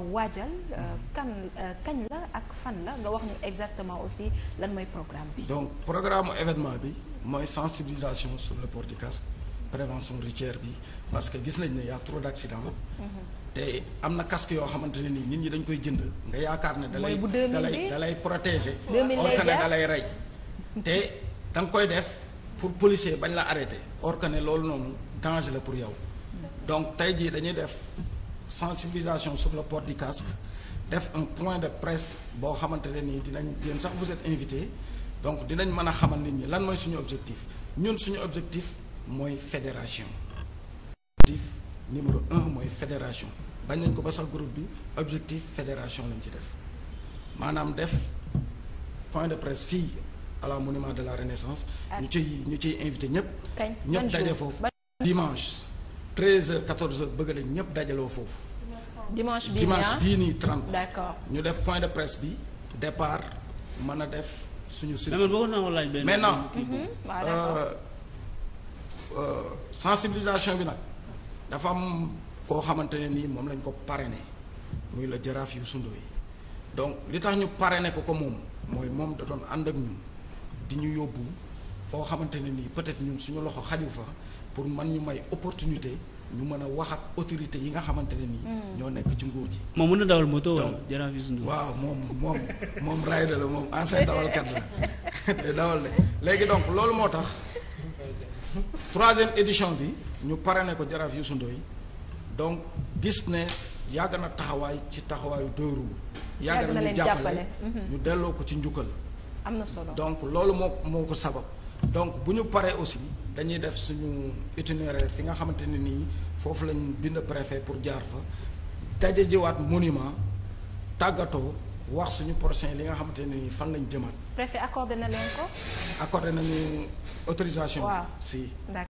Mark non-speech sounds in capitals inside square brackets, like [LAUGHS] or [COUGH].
waajal euh, kan euh, kañ la ak fan la nga wax ñu exactement aussi lan mooy programme bi. donc programme événement bi mooy sensibilisation sur le port du casque prévention routière bi parce que gis nañ ne y a trop d' mhm. te am na casque yoo xamante ni nii nit ñi dañ koy jënd nga yaakaar ne. dalay dalay dalay protéger. or que ne dalay rey. te danga koy def pour policier bañ la arrêté or que loolu noonu danger la pour yow. donc tey jii dañuy def. sensibilisation sur le port du casque def un point de presse boo xamante ne nii dinañ yéen sax vous êtes invité donc dinañ mën a xamal nit ñi lan mooy suñu objectif ñun suñu objectif mooy fédération objectif numéro un fédération bañ ko ba sax groupe bi objectif fédération lañ ci def maanaam def point de presse fii à la monument de la renaissance ah. ñu ciy ñu ci invité ñëpp ñëpp daje foofu dimanche 13 heures 14 heures bëgg nañ ñëpp dajaloo foofu dimanche bii bii ah? nii 30. d'accord ñu def point de presse bi départ mën a def suñu. surtout maintenant mhm. euh, euh, sensibilisation bi nag dafa am koo xamante ne nii moom lañ ko pare ne muy la jaraaf yu sundoo yi donc li tax ñu ne ko ko moom mooy moom da doon ànd ak ñun di ñu yóbbu foo xamante ne nii peut-être ñun suñu loxo xaju fa pour man ñu may opportunité. ñu mën a wax ak autorité yi nga xamante ne nii. Hmm. ñoo nekk ci nguur ji. moom mën na dawal moto wala jaraaf Youssou Ndour. waaw moom moom moom rider la moom ancien dawalkat la [LAUGHS] day dawal de léegi donc loolu moo tax troisième édition bi ñu pare ne ko jaraaf Youssou Ndour yi donc gis ne yàgg na taxawaay ci taxawaayu deux roues. yàgg na ñu jàppale ñu mhm. delloo ko ci njukkal. am na solo donc loolu moo moo ko sabab donc bu ñu paree aussi. dañuy def suñu itinéraire fi nga xamante ne nii foofu lañu bind préfet pour jaar fa daje jiwaat monument tàggatoo wax suñu prochain li nga xamante ni nii fan lañ jëmaat. préfet accordé na leen ko. accordé nañu autorisation. waaw si.